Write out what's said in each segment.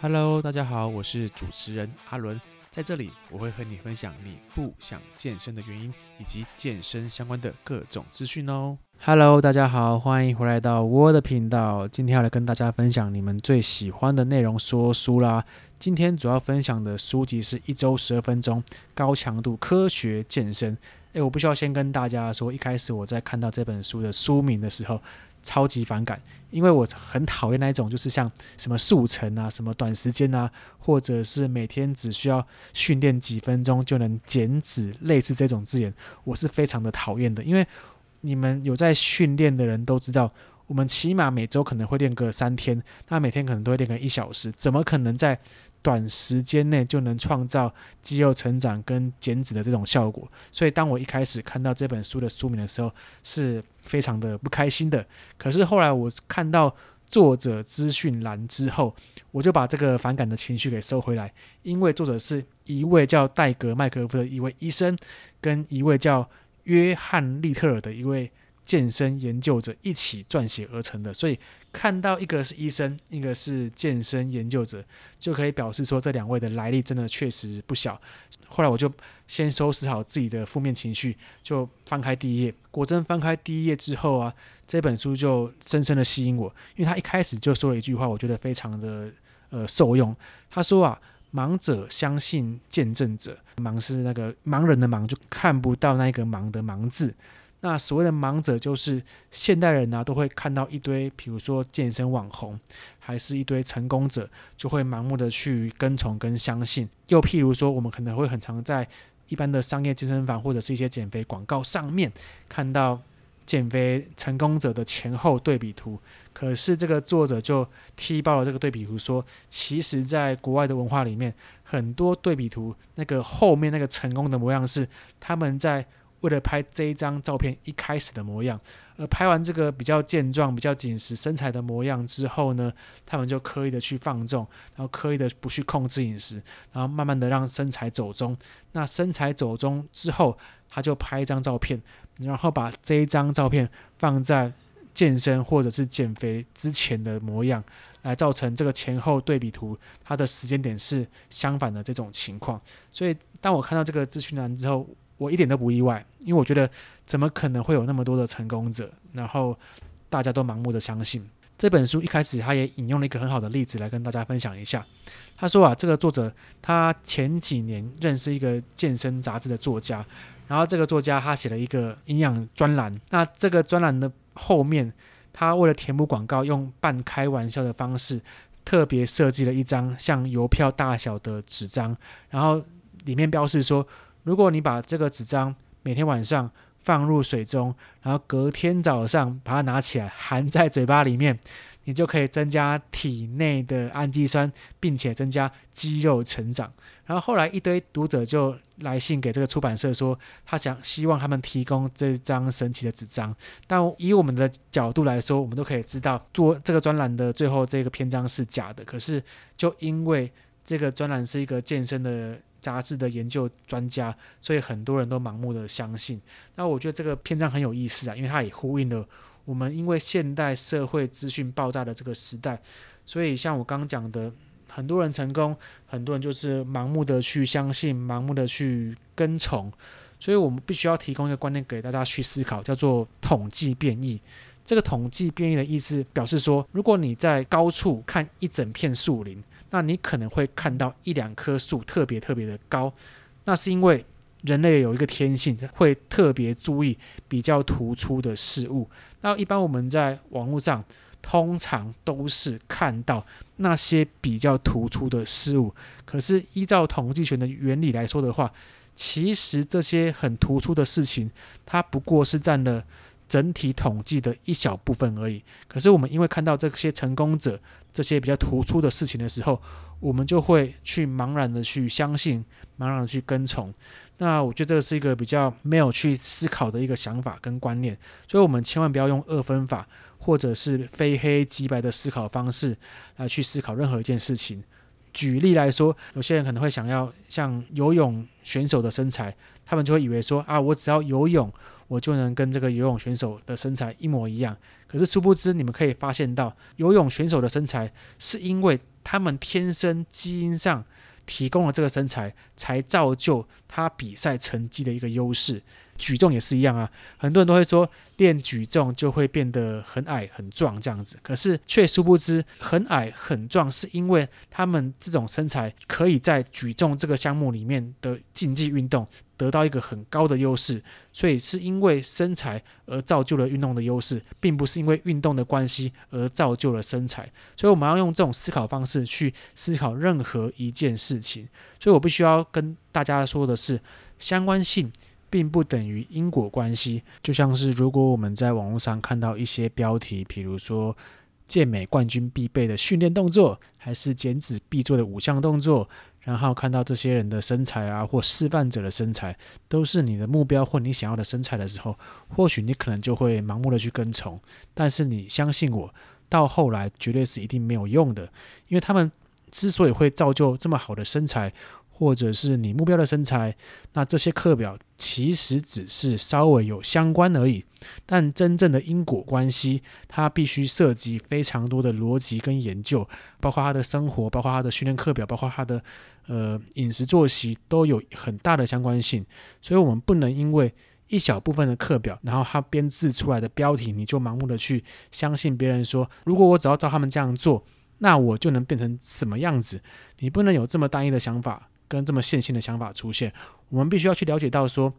Hello，大家好，我是主持人阿倫，在這裡我會和你分享你不想健身的原因，以及健身相關的各種資訊哦。Hello，大家好，歡迎回來到我的頻道，今天要來跟大家分享你們最喜歡的內容——說書啦。今天主要分享的書籍是《一周十二分鐘，高強度科學健身》。誒，我不需要先跟大家說，一開始我在看到這本書的書名的時候，超級反感，因為我很討厭那一種就是像什麼速成啊、什麼短時間啊，或者是每天只需要訓練幾分鐘就能減脂，類似這種字眼，我是非常的討厭的。因為你們有在訓練的人都知道，我們起碼每週可能會練個三天，那每天可能都會練個一小時，怎麼可能在短時間內就能創造肌肉成長跟減脂的這種效果，所以當我一開始看到這本書的書名的時候，是非常的不開心的。可是後來我看到作者資訊欄之後，我就把這個反感的情緒給收回來，因為作者是一位叫戴格麥格夫的一位醫生，跟一位叫約翰利特爾的一位。健身研究者一起撰寫而成的，所以看到一個是醫生，一個是健身研究者，就可以表示說這兩位的來歷真的確實不小。後來我就先收拾好自己的負面情緒，就翻開第一頁。果真翻開第一頁之後啊，這本書就深深的吸引我，因為他一開始就說了一句話，我覺得非常的呃受用。他說啊，盲者相信見證者，盲是那個盲人的盲，就看不到那個盲的盲字。那所謂的盲者，就是現代人呢、啊，都會看到一堆，比如說健身網紅，還是一堆成功者，就會盲目的去跟從跟相信。又譬如說，我們可能會很常在一般的商業健身房或者是一些減肥廣告上面，看到減肥成功者的前後對比圖。可是這個作者就踢爆了這個對比圖，說其實在國外的文化裡面，很多對比圖那個後面那個成功的模樣是他們在。為了拍這一張照片一開始的模樣，而拍完這個比較健壯、比較緊實身材的模樣之後呢，他們就刻意的去放縱，然後刻意的不去控制飲食，然後慢慢的讓身材走中。那身材走中之後，他就拍一張照片，然後把這一張照片放在健身或者是減肥之前的模樣，來造成這個前後對比圖。它的時間點是相反的這種情況。所以當我看到這個資訊完之後。我一點都不意外，因為我覺得怎麼可能會有那麼多的成功者，然後大家都盲目的相信這本書。一開始，他也引用了一個很好的例子來跟大家分享一下。他說啊，這個作者他前幾年認識一個健身雜誌的作家，然後這個作家他寫了一個營養專欄。那這個專欄的後面，他為了填補廣告，用半開玩笑的方式，特別設計了一張像郵票大小的紙張，然後裡面標示說。如果你把這個紙張每天晚上放入水中，然後隔天早上把它拿起來含在嘴巴裡面，你就可以增加體內的氨基酸，並且增加肌肉成長。然後後來一堆讀者就來信給這個出版社說，他想希望他們提供這張神奇的紙張。但以我們的角度來說，我們都可以知道做這個專欄的最後這個篇章是假的。可是就因為這個專欄是一個健身的。雜誌的研究專家，所以很多人都盲目的相信。那我覺得這個篇章很有意思啊，因為它也呼應了我們因為現代社會資訊爆炸的這個時代，所以像我剛剛講的，很多人成功，很多人就是盲目的去相信，盲目的去跟從。所以我們必須要提供一個觀念給大家去思考，叫做統計變異。這個統計變異的意思表示說，如果你在高處看一整片樹林。那你可能會看到一兩棵樹特別特別的高，那是因為人類有一個天性，會特別注意比較突出的事物。那一般我們在網絡上通常都是看到那些比較突出的事物。可是依照統計學的原理來說的話，其實這些很突出的事情，它不過是佔了整體統計的一小部分而已。可是我們因為看到這些成功者，這些比較突出的事情的時候，我們就會去茫然的去相信，茫然的去跟從。那我覺得這是一個比較沒有去思考的一個想法跟觀念，所以我們千萬不要用二分法或者是非黑即白的思考方式來去思考任何一件事情。舉例來說，有些人可能會想要像游泳選手的身材，他們就會以為說啊，我只要游泳，我就能跟這個游泳選手的身材一模一樣，可是殊不知，你們可以發現到，游泳選手的身材是因為他們天生基因上提供了這個身材，才造就他比賽成績的一個優勢。舉重也是一樣啊，很多人都會說練舉重就會變得很矮很壯這樣子，可是卻殊不知很矮很壯是因為他們這種身材可以在舉重這個項目裡面的競技運動得到一個很高的優勢，所以是因為身材而造就了運動的優勢，并不是因為運動的關係而造就了身材，所以我們要用這種思考方式去思考任何一件事情，所以我必須要跟大家說的是相關性，並不等於因果關係。就像是，如果我們在網絡上看到一些標題，比如說“健美冠軍必備的訓練動作”還是“減脂必做的五項動作”，然後看到這些人的身材啊，或示範者的身材，都是你的目標或你想要的身材的時候，或許你可能就會盲目的去跟從。但是你相信我，到後來絕對是一定沒有用的，因為他們之所以會造就這麼好的身材，或者是你目標的身材，那這些課表其實只是稍微有相關而已，但真正的因果關係，它必須涉及非常多的邏輯跟研究，包括他的生活，包括他的訓練課表，包括他的呃飲食作息都有很大的相關性，所以我們不能因為一小部分的課表，然後他編製出來的標題，你就盲目的去相信別人說，如果我只要照他們這樣做，那我就能變成什麼樣子，你不能有這麼單一的想法。跟這麼線性的想法出現。我們必須要去了解到說，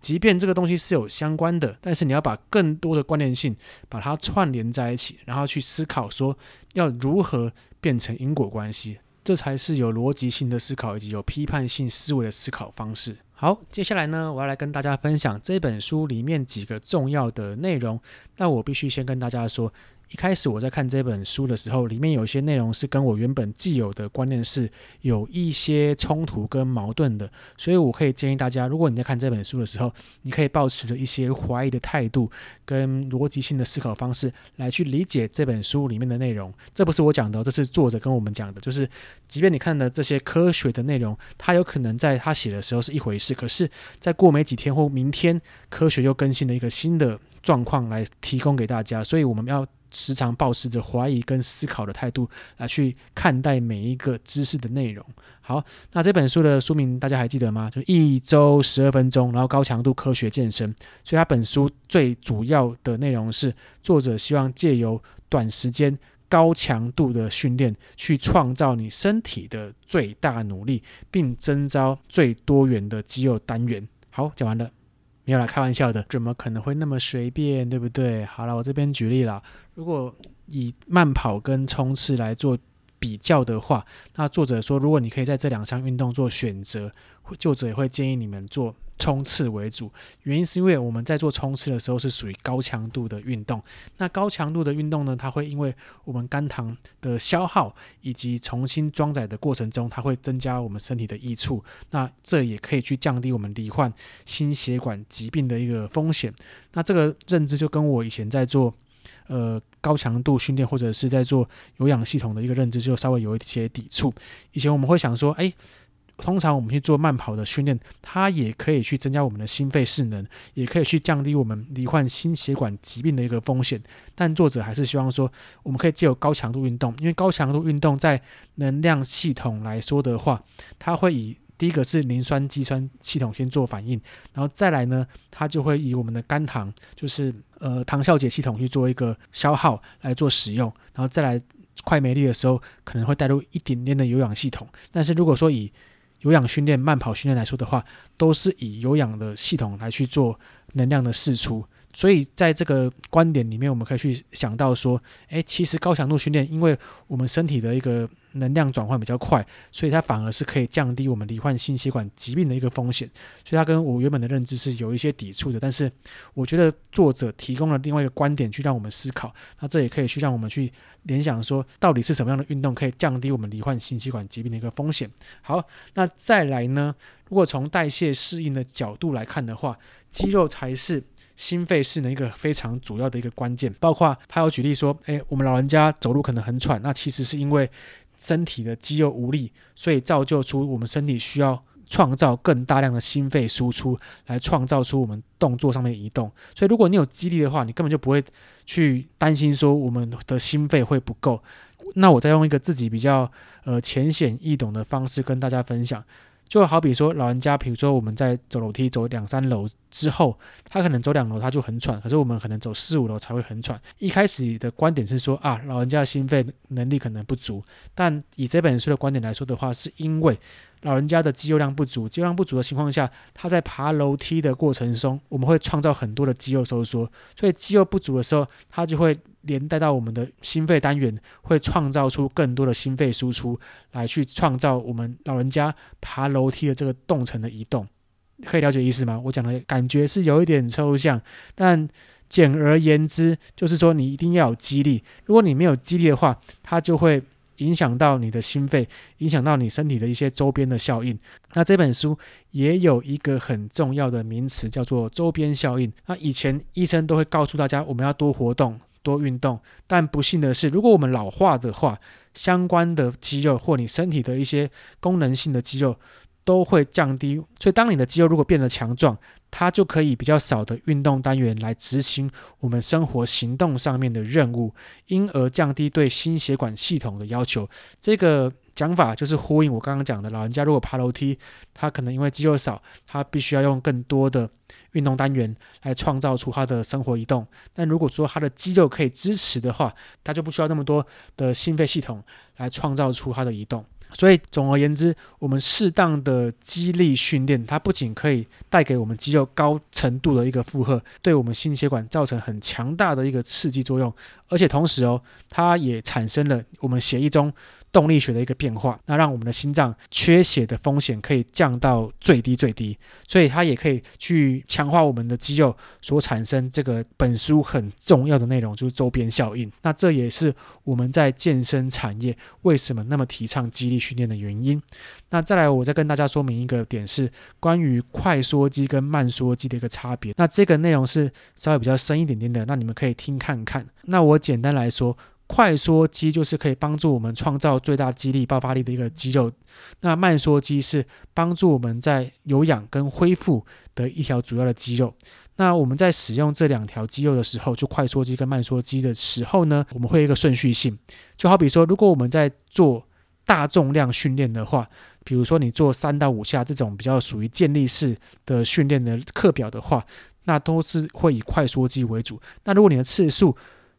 即便這個東西是有相關的，但是你要把更多的關聯性把它串聯在一起，然後去思考說要如何變成因果關係，這才是有邏輯性的思考以及有批判性思維的思考方式。好，接下來呢，我要來跟大家分享這本書裡面幾個重要的內容。那我必須先跟大家說。一開始我在看這本書的時候，裡面有一些內容是跟我原本既有的觀念是有一些衝突跟矛盾的，所以我可以建議大家，如果你在看這本書的時候，你可以抱持著一些懷疑的態度跟邏輯性的思考方式來去理解這本書裡面的內容。這不是我講的，這是作者跟我們講的。就是，即便你看的這些科學的內容，它有可能在他寫的時候是一回事，可是，再過沒幾天或明天，科學又更新了一個新的狀況來提供給大家，所以我們要。時常抱持着懷疑跟思考的態度來去看待每一個知識的內容。好，那這本書的書名大家還記得嗎？就一周十二分鐘，然後高強度科學健身。所以它本書最主要的內容是，作者希望借由短時間高強度的訓練，去創造你身體的最大努力，並徵召最多元的肌肉單元。好，講完了。沒有啦，開玩笑的，怎麼可能會那麼隨便，對不對？好了，我這邊舉例了，如果以慢跑跟衝刺來做比較的話，那作者說，如果你可以在這兩項運動做選擇。作者也會建議你們做衝刺為主，原因是因為我們在做衝刺的時候是屬於高強度的運動，那高強度的運動呢，它會因為我們肝糖的消耗以及重新裝載的過程中，它會增加我們身體的益處，那這也可以去降低我們罹患心血管疾病的一個風險。那這個認知就跟我以前在做呃高強度訓練或者是在做有氧系統的一個認知就稍微有一些抵觸，以前我們會想說，哎。通常我們去做慢跑的訓練，它也可以去增加我們的心肺適能，也可以去降低我們罹患心血管疾病的一個風險。但作者還是希望說，我們可以借由高強度運動，因為高強度運動在能量系統來說的話，它會以第一個是磷酸肌酸系統先做反應，然後再來呢，它就會以我們的肝糖，就是呃糖酵解系統去做一個消耗來做使用，然後再來快沒力的時候，可能會帶入一點點的有氧系統。但是如果說以有氧訓練、慢跑訓練來說的話，都是以有氧的系統來去做能量的釋出，所以在這個觀點裡面，我們可以去想到說，哎、欸，其實高強度訓練，因為我們身體的一個。能量轉換比較快，所以它反而是可以降低我們罹患心血管疾病的一個風險。所以它跟我原本的認知是有一些抵觸的。但是我覺得作者提供了另外一個觀點，去讓我們思考。那這也可以去讓我們去聯想說，到底是什麼樣的運動可以降低我們罹患心血管疾病的一個風險？好，那再來呢？如果從代謝適應的角度來看的話，肌肉才是心肺適能一個非常主要的一個關鍵。包括他有舉例說，哎，我們老人家走路可能很喘，那其實是因為。身體的肌肉無力，所以造就出我們身體需要創造更大量的心肺輸出，來創造出我們動作上面的移動。所以如果你有肌力的話，你根本就不會去擔心說我們的心肺會不夠。那我再用一個自己比較，呃，淺顯易懂的方式跟大家分享。就好比說，老人家，比如說我們在走樓梯，走兩三樓之後，他可能走兩樓他就很喘，可是我們可能走四五樓才會很喘。一開始的觀點是說啊，老人家的心肺能力可能不足，但以這本書的觀點來說的話，是因為。老人家的肌肉量不足，肌肉量不足的情況下，他在爬樓梯的過程中，我們會創造很多的肌肉收縮。所以肌肉不足的時候，它就會連帶到我們的心肺單元，會創造出更多的心肺輸出來去創造我們老人家爬樓梯的這個動程的移動。可以了解意思嗎？我講的感覺是有一點抽象，但簡而言之，就是說你一定要有肌力。如果你沒有肌力的話，它就會。影響到你的心肺，影響到你身體的一些周邊的效應。那這本書也有一個很重要的名詞，叫做周邊效應。那以前醫生都會告訴大家，我們要多活動、多運動。但不幸的是，如果我們老化的話，相關的肌肉或你身體的一些功能性的肌肉，都會降低，所以當你的肌肉如果變得強壯，它就可以比較少的運動單元來執行我們生活行動上面的任務，因而降低對心血管系統的要求。這個講法就是呼應我剛剛講的，老人家如果爬樓梯，他可能因為肌肉少，他必須要用更多的運動單元來創造出他的生活移動。但如果說他的肌肉可以支持的話，他就不需要那麼多的心肺系統來創造出他的移動。所以，總而言之，我們適當的肌力訓練，它不僅可以帶給我們肌肉高程度的一個負荷，對我們心血管造成很強大的一個刺激作用，而且同時哦，它也產生了我們血液中動力學的一個變化，那讓我們的心臟缺血的風險可以降到最低最低，所以它也可以去強化我們的肌肉所產生這個本書很重要的內容，就是周邊效應。那這也是我們在健身產業為什麼那麼提倡肌力訓練的原因。那再來，我再跟大家說明一個點，是關於快縮肌跟慢縮肌的一個差別。那這個內容是稍微比較深一點點的，那你們可以聽看看。那我簡單來說。快縮肌就是可以幫助我們創造最大肌力爆發力的一個肌肉，那慢縮肌是幫助我們在有氧跟恢復的一條主要的肌肉。那我們在使用這兩條肌肉的時候，就快縮肌跟慢縮肌的時候呢，我們會有一個順序性。就好比說，如果我們在做大重量訓練的話，比如說你做三到五下這種比較屬於健力式的訓練的課表的話，那都是會以快縮肌為主。那如果你的次數，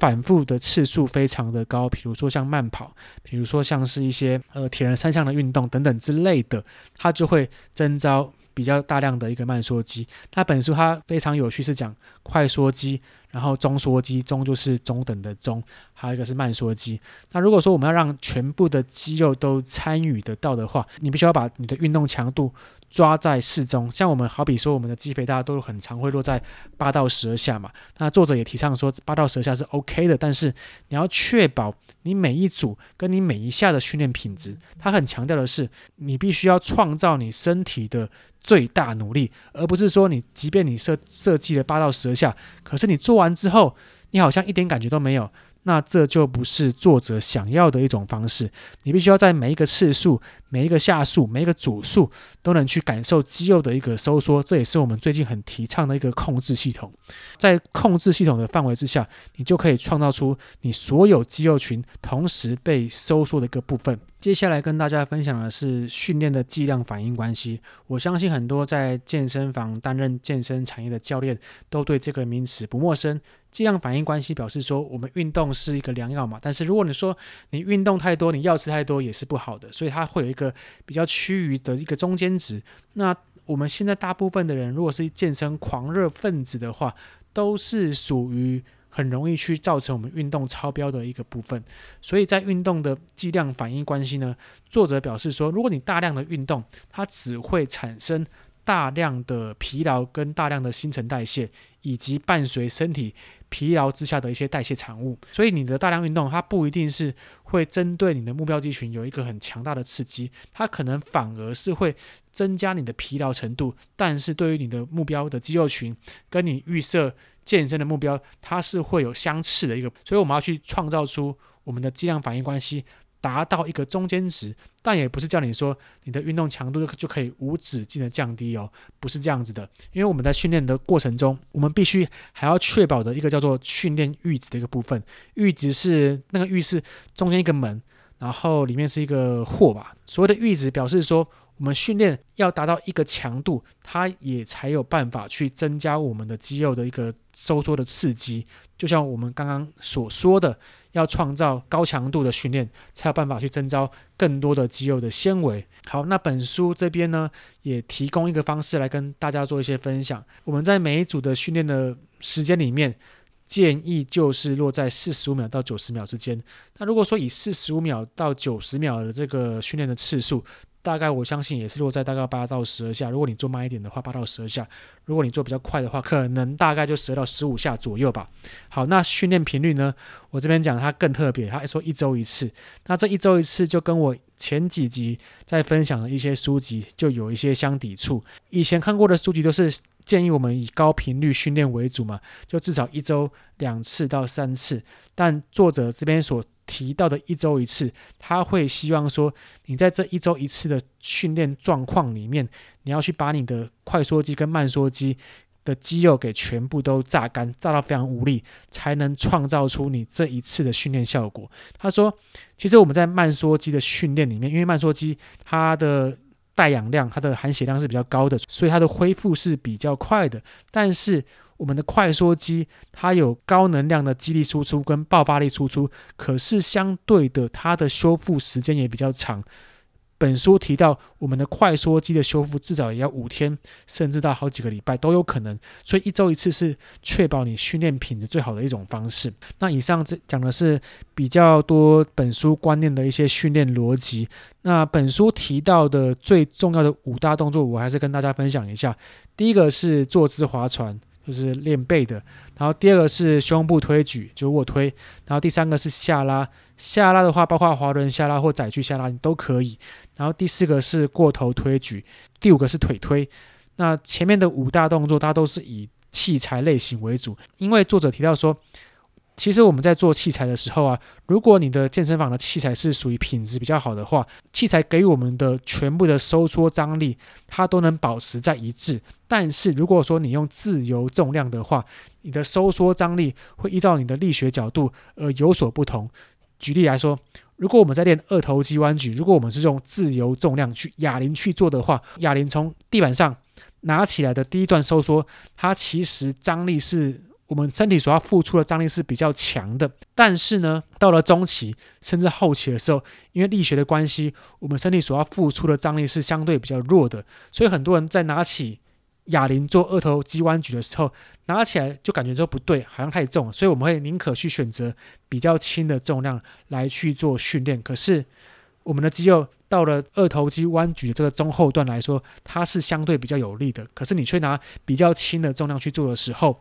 反覆的次數非常的高，比如說像慢跑，比如說像是一些呃鐵人三項的運動等等之類的，它就會徵召比較大量的一個慢縮肌。那本書它非常有趣，是講快縮肌、然後中縮肌，中就是中等的中，還有一個是慢縮肌。那如果說我們要讓全部的肌肉都參與得到的話，你必須要把你的運動強度抓在適中。像我們好比說，我們的肌肥大家都很常會落在八到十二下嘛。那作者也提倡說，八到十二下是 OK 的，但是你要確保你每一組跟你每一下的訓練品質。他很強調的是，你必須要創造你身體的最大努力，而不是說你即便你設設計了八到十二下，可是你做。完之後，你好像一點感覺都沒有，那這就不是作者想要的一種方式。你必須要在每一個次數。每一個下數，每一個組數，都能去感受肌肉的一個收縮，這也是我們最近很提倡的一個控制系統。在控制系統的範圍之下，你就可以創造出你所有肌肉群同時被收縮的一個部分。接下來跟大家分享的是訓練的劑量反應關係。我相信很多在健身房擔任健身產業的教練都對這個名詞不陌生。劑量反應關係表示說，我們運動是一個良藥嘛，但是如果你說你運動太多，你藥吃太多也是不好的，所以它會有一個。的比較趨於的一個中間值。那我們現在大部分的人，如果是健身狂熱分子的話，都是屬於很容易去造成我們運動超標的一個部分。所以在運動的劑量反應關係呢，作者表示說，如果你大量的運動，它只會產生。大量的疲勞跟大量的新陳代謝，以及伴隨身體疲勞之下的一些代謝產物，所以你的大量運動它不一定是會針對你的目標肌群有一個很強大的刺激，它可能反而是會增加你的疲勞程度。但是對於你的目標的肌肉群跟你預設健身的目標，它是會有相似的一個。所以我們要去創造出我們的劑量反應關係。達到一個中間值，但也不是叫你說你的運動強度就就可以無止境的降低哦，不是這樣子的。因為我們在訓練的過程中，我們必須還要確保的一個叫做訓練閾值的一個部分。閾值是那個閾是中間一個門，然後裡面是一個或吧。所謂的閾值表示說。我們訓練要達到一個強度，它也才有辦法去增加我們的肌肉的一個收縮的刺激。就像我們剛剛所說的，要創造高強度的訓練，才有辦法去徵召更多的肌肉的纖維。好，那本書這邊呢，也提供一個方式來跟大家做一些分享。我們在每一組的訓練的時間裡面，建議就是落在四十五秒到九十秒之間。那如果說以四十五秒到九十秒的這個訓練的次數，大概我相信也是落在大概八到十二下。如果你做慢一點的話，八到十二下；如果你做比較快的話，可能大概就十到十五下左右吧。好，那訓練頻率呢？我這邊講它更特別，它說一周一次。那這一周一次就跟我前幾集在分享的一些書籍就有一些相抵觸。以前看過的書籍都是。建議我們以高頻率訓練為主嘛，就至少一周兩次到三次。但作者這邊所提到的一周一次，他會希望說你在這一周一次的訓練狀況裡面，你要去把你的快縮肌跟慢縮肌的肌肉給全部都榨乾，榨到非常無力，才能創造出你這一次的訓練效果。他說，其實我們在慢縮肌的訓練裡面，因為慢縮肌它的帶氧量，它的含血量是比較高的，所以它的恢復是比較快的。但是我們的快縮肌，它有高能量的肌力輸出跟爆發力輸出，可是相對的，它的修復時間也比較長。本書提到，我們的快縮肌的修復至少也要五天，甚至到好幾個禮拜都有可能，所以一周一次是確保你訓練品質最好的一種方式。那以上這講的是比較多本書觀念的一些訓練邏輯。那本書提到的最重要的五大動作，我還是跟大家分享一下。第一個是坐姿划船。就是練背的，然後第二個是胸部推舉，就臥推，然後第三個是下拉，下拉的話包括滑輪下拉或窄距下拉你都可以，然後第四個是過頭推舉，第五個是腿推。那前面的五大動作，它都是以器材類型為主，因為作者提到說。其實我們在做器材的時候啊，如果你的健身房的器材是屬於品質比較好的話，器材給我們的全部的收縮張力，它都能保持在一致。但是如果說你用自由重量的話，你的收縮張力會依照你的力學角度而有所不同。舉例來說，如果我們在練二頭肌彎舉，如果我們是用自由重量去啞鈴去做的話，啞鈴從地板上拿起來的第一段收縮，它其實張力是。我們身體所要付出的張力是比較強的，但是呢，到了中期甚至後期的時候，因為力學的關係，我們身體所要付出的張力是相對比較弱的，所以很多人在拿起啞鈴做二頭肌彎舉的時候，拿起來就感覺說不對，好像太重了，所以我們會寧可去選擇比較輕的重量來去做訓練。可是我們的肌肉到了二頭肌彎舉的這個中後段來說，它是相對比較有力的。可是你卻拿比較輕的重量去做的時候，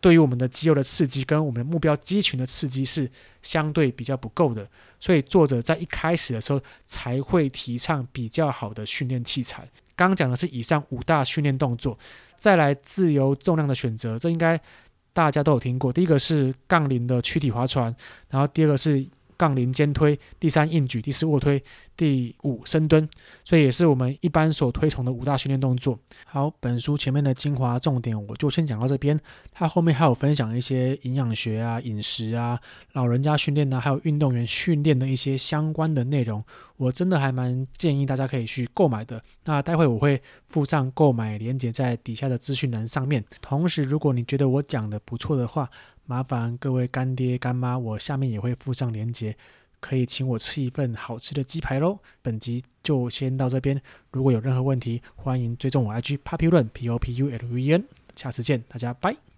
對於我們的肌肉的刺激跟我們的目標肌群的刺激是相對比較不夠的。所以作者在一開始的時候才會提倡比較好的訓練器材。剛剛講的是以上五大訓練動作，再來自由重量的選擇，這應該大家都有聽過。第一個是槓鈴的軀體划船，然後第二個是。槓鈴肩推，第三硬舉，第四臥推，第五深蹲，所以也是我們一般所推崇的五大訓練動作。好，本書前面的精華重點，我就先講到這邊。它後面還有分享一些營養學啊、飲食啊、老人家訓練啊，還有運動員訓練的一些相關的內容，我真的還蠻建議大家可以去購買的。那待會我會附上購買連結在底下的資訊欄上面。同時，如果你覺得我講得不錯的話，麻煩各位乾爹乾媽，我下面也會附上鏈接，可以請我吃一份好吃的雞排嘍。本集就先到這邊，如果有任何問題，歡迎追蹤我 IG Populuen，P O P U L U E N。下次見，大家拜。